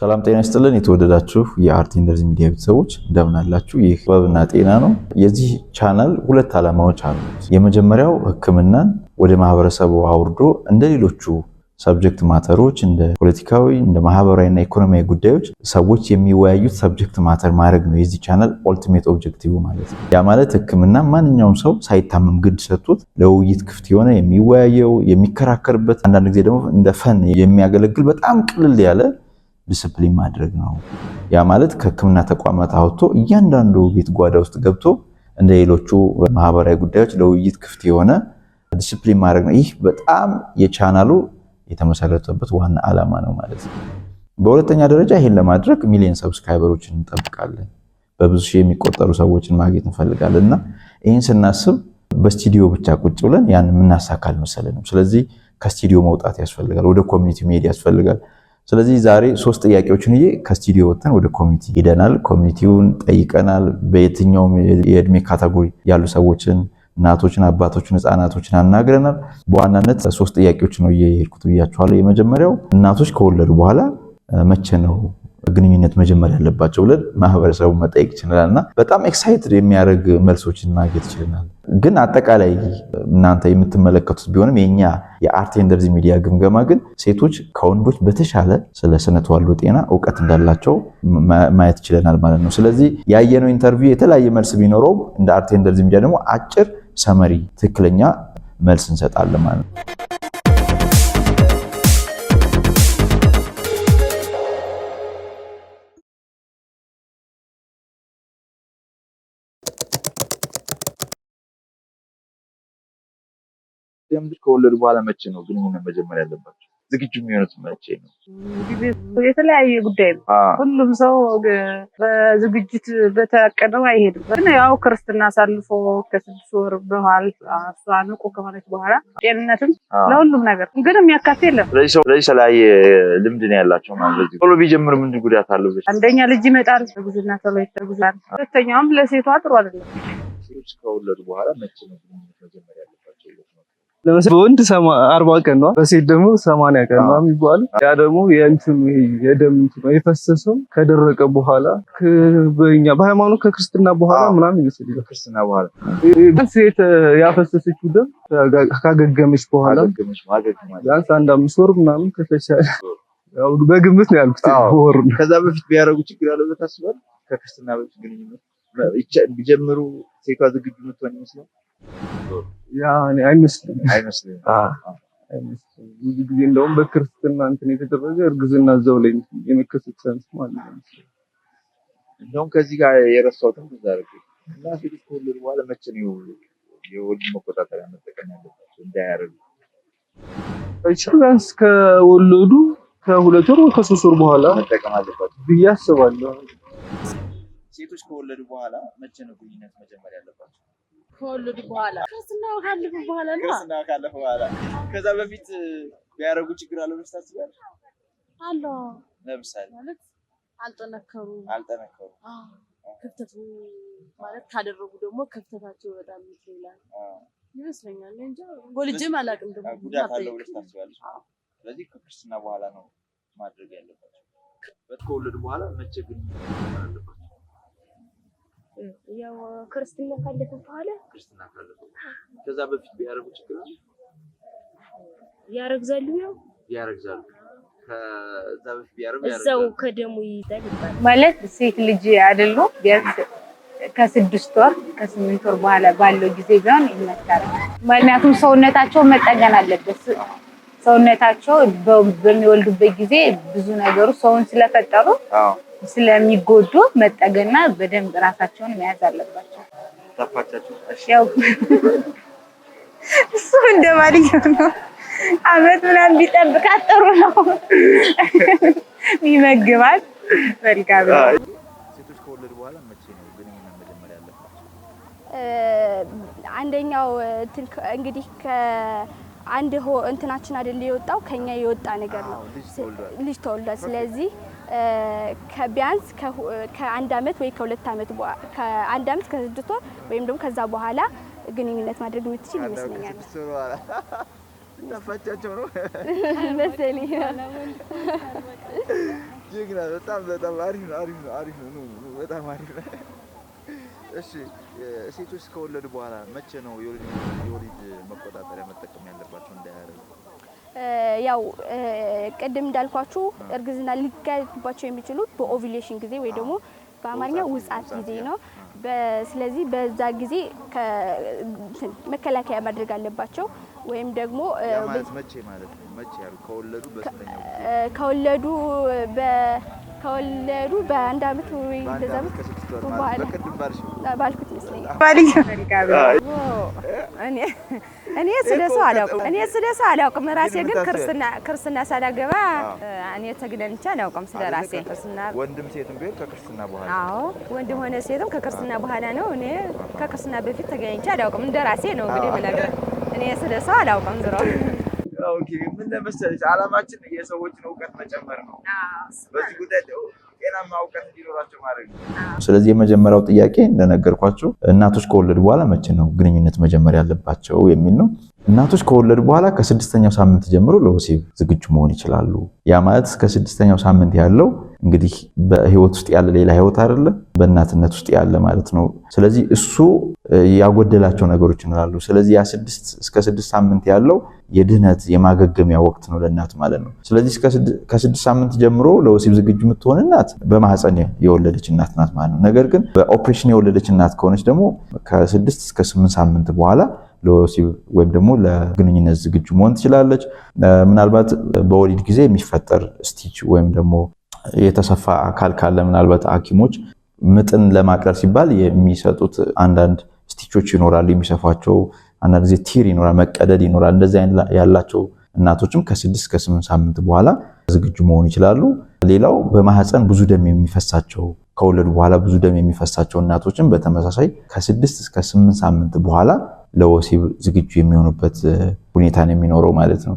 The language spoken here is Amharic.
ሰላም ጤና ይስጥልን። የተወደዳችሁ የአርት ሚዲያ ቤተሰቦች እንደምን አላችሁ? ይህ ጥበብና ጤና ነው። የዚህ ቻናል ሁለት ዓላማዎች አሉት። የመጀመሪያው ሕክምናን ወደ ማህበረሰቡ አውርዶ እንደ ሌሎቹ ሰብጀክት ማተሮች እንደ ፖለቲካዊ እንደ ማህበራዊና ኢኮኖሚያዊ ጉዳዮች ሰዎች የሚወያዩት ሰብጀክት ማተር ማድረግ ነው የዚህ ቻናል ኦልቲሜት ኦብጀክቲቭ ማለት ነው። ያ ማለት ህክምና ማንኛውም ሰው ሳይታመም ግድ ሰጥቶት ለውይይት ክፍት የሆነ የሚወያየው የሚከራከርበት፣ አንዳንድ ጊዜ ደግሞ እንደ ፈን የሚያገለግል በጣም ቅልል ያለ ዲስፕሊን ማድረግ ነው። ያ ማለት ከህክምና ተቋማት አውጥቶ እያንዳንዱ ቤት ጓዳ ውስጥ ገብቶ እንደ ሌሎቹ ማህበራዊ ጉዳዮች ለውይይት ክፍት የሆነ ዲስፕሊን ማድረግ ነው። ይህ በጣም የቻናሉ የተመሰረተበት ዋና ዓላማ ነው ማለት ነው። በሁለተኛ ደረጃ ይህን ለማድረግ ሚሊዮን ሰብስክራይበሮችን እንጠብቃለን። በብዙ ሺህ የሚቆጠሩ ሰዎችን ማግኘት እንፈልጋለን እና ይህን ስናስብ በስቱዲዮ ብቻ ቁጭ ብለን ያን የምናሳካል መሰለንም። ስለዚህ ከስቱዲዮ መውጣት ያስፈልጋል፣ ወደ ኮሚኒቲ መሄድ ያስፈልጋል። ስለዚህ ዛሬ ሶስት ጥያቄዎችን እዬ ከስቱዲዮ ወጥተን ወደ ኮሚኒቲ ሄደናል። ኮሚኒቲውን ጠይቀናል። በየትኛውም የእድሜ ካታጎሪ ያሉ ሰዎችን እናቶችን፣ አባቶችን፣ ህፃናቶችን አናግረናል። በዋናነት ሶስት ጥያቄዎች ነው እየሄድኩት ብያቸኋለ። የመጀመሪያው እናቶች ከወለዱ በኋላ መቼ ነው ግንኙነት መጀመር ያለባቸው ብለን ማህበረሰቡ መጠየቅ ይችላል እና በጣም ኤክሳይትድ የሚያደርግ መልሶችን ማግኘት ይችልናል። ግን አጠቃላይ እናንተ የምትመለከቱት ቢሆንም የኛ የአርቴንደርዝ ሚዲያ ግምገማ ግን ሴቶች ከወንዶች በተሻለ ስለ ስነ ተዋልዶ ጤና እውቀት እንዳላቸው ማየት ይችለናል ማለት ነው። ስለዚህ ያየነው ኢንተርቪው የተለያየ መልስ ቢኖረውም እንደ አርት ሚዲያ ደግሞ አጭር ሰመሪ ትክክለኛ መልስ እንሰጣለን ማለት ነው። ለምድር ከወለዱ በኋላ መቼ ነው ግንኙነት መጀመር ያለባቸው? ዝግጁ የሚሆኑት መቼ ነው? የተለያየ ጉዳይ ነው። ሁሉም ሰው በዝግጅት በተቀደው አይሄድም። ግን ያው ክርስትና አሳልፎ ከስድስት ወር በኋላ እሷ ንቁ ከሆነች በኋላ ጤንነትም ለሁሉም ነገር ግን የሚያካት የለም። ስለዚህ የተለያየ ልምድ ነው ያላቸው። ቶሎ ቢጀምር ምንድን ጉዳት አለው? አንደኛ ልጅ ይመጣል፣ እርግዝና ቶሎ ይተጉዛል። ሁለተኛውም ለሴቷ ጥሩ አይደለም። ከወለዱ በኋላ መቼ ነው መጀመር ያለ ለምሳሌ በወንድ አርባ ቀን ነው፣ በሴት ደግሞ ሰማንያ ቀን ነው የሚባለው። ያ ደግሞ የእንትኑ የደም እንትን ነው የፈሰሰው ከደረቀ በኋላ በኛ በሃይማኖት ከክርስትና በኋላ ምናምን ይመስል ከክርስትና በኋላ ሴት ያፈሰሰችው ደም ካገገመች በኋላ ቢያንስ አንድ አምስት ወር ምናምን ከተቻለ በግምት ነው ያልኩት። ከዛ በፊት ቢያደርጉ ችግር ያለበት አስባል ከክርስትና በፊት ግንኙነት ቢጀምሩ ሴቷ ዝግጁ የምትሆን ይመስላል? አይመስልም ብዙ ጊዜ እንደውም በክርስትና እንትን የተደረገ እርግዝና እዛው ላይ የመከሰት ሰንስ ማለት ነው። እንደውም ከዚህ ጋር የረሳሁትም ብዙ አደረገ እና ሴቶች ከወለዱ በኋላ መቼ ነው የወሊድ መቆጣጠሪያ መጠቀም ያለባቸው እንዳያደርጉ? ቻንስ ከወለዱ ከሁለት ወር ከሶስት ወር በኋላ መጠቀም አለባቸው ብዬ አስባለሁ። ልጆች ከወለዱ በኋላ መቼ ነው ግንኙነት መጀመር ያለባቸው? ከወለዱ በኋላ ክርስትና ካለፈ በኋላ ከዛ በፊት ቢያደርጉ ችግር አለ ብለሽ ታስቢያለሽ? አለ። ለምሳሌ አልጠነከሩ አልጠነከሩ ክፍተቱ ማለት ካደረጉ ደግሞ ክፍተታቸው በጣም ይላል ይመስለኛል። እንጂ ጎልጅም አላውቅም። ደግሞ ጉዳት አለው ብለሽ ታስቢያለሽ? ስለዚህ ከክርስትና በኋላ ነው ማድረግ ያለባቸው። ከወለዱ በኋላ መቼ ግን አለባቸው ያው ክርስትና ካለፈ በኋላ ክርስትና ካለፈ ከዛ በፊት ቢያደርጉ ችግር ነው ያረግዛሉ። ያው ያረግዛሉ። ከዛ በፊት ቢያደርጉ እዛው ከደሙ ይይዛል ይባላል። ማለት ሴት ልጅ አይደሉም ቢያንስ ከስድስት ወር ከስምንት ወር በኋላ ባለው ጊዜ ቢሆን ይመታል። ምክንያቱም ሰውነታቸው መጠገን አለበት። ሰውነታቸው በሚወልዱበት ጊዜ ብዙ ነገሩ ሰውን ስለፈጠሩ ስለሚጎዱ መጠገና በደንብ እራሳቸውን መያዝ አለባቸው። እሱ እንደማለት ነው። አመት ምናምን ቢጠብቃት ጥሩ ነው የሚመግባት። መልካም ሴቶች ከወለዱ ነው ግንኙነት መጀመር አንደኛው እንግዲህ አንድ ሆ እንትናችን አይደል የወጣው ከኛ የወጣ ነገር ነው። ልጅ ተወልዷል። ስለዚህ ከቢያንስ ከአንድ አመት ወይ ከሁለት አመት ከአንድ አመት ከስድስት ወር ወይም ደግሞ ከዛ በኋላ ግንኙነት ማድረግ የምትችል ይመስለኛል። ጠፋቻቸው ነው መሰለኝ። በጣም በጣም አሪፍ ነው። አሪፍ ነው። አሪፍ ነው። በጣም አሪፍ ነው። እሺ ሴቶች ከወለዱ በኋላ መቼ ነው የወሊድ መቆጣጠሪያ መጠቀም ያለባቸው? እንዳያደርጉ ያው ቅድም እንዳልኳችሁ እርግዝና ሊጋየቱባቸው የሚችሉት በኦቪሌሽን ጊዜ ወይ ደግሞ በአማርኛ ውጻት ጊዜ ነው። ስለዚህ በዛ ጊዜ መከላከያ ማድረግ አለባቸው። ወይም ደግሞ ከወለዱ ከወለዱ በአንድ አመት ወይ እንደዛ ባልኩት ይመስለኛል። እኔ ስለ ሰው አላውቅም። እኔ ስለ ሰው አላውቅም። ራሴ ግን ክርስትና ክርስትና ሳላገባ እኔ ተግደንቻ አላውቅም ስለ ራሴ። ወንድም ሴትም ቢሆን ከክርስትና በኋላ አዎ፣ ወንድም ሆነ ሴትም ከክርስትና በኋላ ነው። እኔ ከክርስትና በፊት ተገኝቻ አላውቅም። እንደ ራሴ ነው እንግዲህ የምነግርህ። እኔ ስለ ሰው አላውቅም ዝሮ ምን ለመሰለሽ አላማችን የሰዎችን እውቀት መጨመር ነው። በዚህ ጉዳይ ጤናማ እውቀት እንዲኖራቸው ማድረግ ነው። ስለዚህ የመጀመሪያው ጥያቄ እንደነገርኳቸው እናቶች ከወለዱ በኋላ መቼ ነው ግንኙነት መጀመር ያለባቸው የሚል ነው። እናቶች ከወለዱ በኋላ ከስድስተኛው ሳምንት ጀምሮ ለወሲብ ዝግጁ መሆን ይችላሉ። ያ ማለት ከስድስተኛው ሳምንት ያለው እንግዲህ በህይወት ውስጥ ያለ ሌላ ህይወት አይደለም በእናትነት ውስጥ ያለ ማለት ነው። ስለዚህ እሱ ያጎደላቸው ነገሮች እንላሉ። ስለዚህ ያ ስድስት እስከ ስድስት ሳምንት ያለው የድህነት የማገገሚያ ወቅት ነው ለእናት ማለት ነው። ስለዚህ ከስድስት ሳምንት ጀምሮ ለወሲብ ዝግጁ የምትሆን እናት በማህፀን የወለደች እናት ናት ማለት ነው። ነገር ግን በኦፕሬሽን የወለደች እናት ከሆነች ደግሞ ከስድስት እስከ ስምንት ሳምንት በኋላ ለወሲብ ወይም ደግሞ ለግንኙነት ዝግጁ መሆን ትችላለች። ምናልባት በወሊድ ጊዜ የሚፈጠር ስቲች ወይም ደግሞ የተሰፋ አካል ካለ ምናልባት ሐኪሞች ምጥን ለማቅለል ሲባል የሚሰጡት አንዳንድ ስቲቾች ይኖራሉ፣ የሚሰፏቸው አንዳንድ ጊዜ ቲር ይኖራል፣ መቀደድ ይኖራል። እንደዚህ አይነት ያላቸው እናቶችም ከስድስት ከስምንት ሳምንት በኋላ ዝግጁ መሆን ይችላሉ። ሌላው በማህፀን ብዙ ደም የሚፈሳቸው ከወለዱ በኋላ ብዙ ደም የሚፈሳቸው እናቶችም በተመሳሳይ ከስድስት እስከ ስምንት ሳምንት በኋላ ለወሲብ ዝግጁ የሚሆኑበት ሁኔታ ነው የሚኖረው ማለት ነው።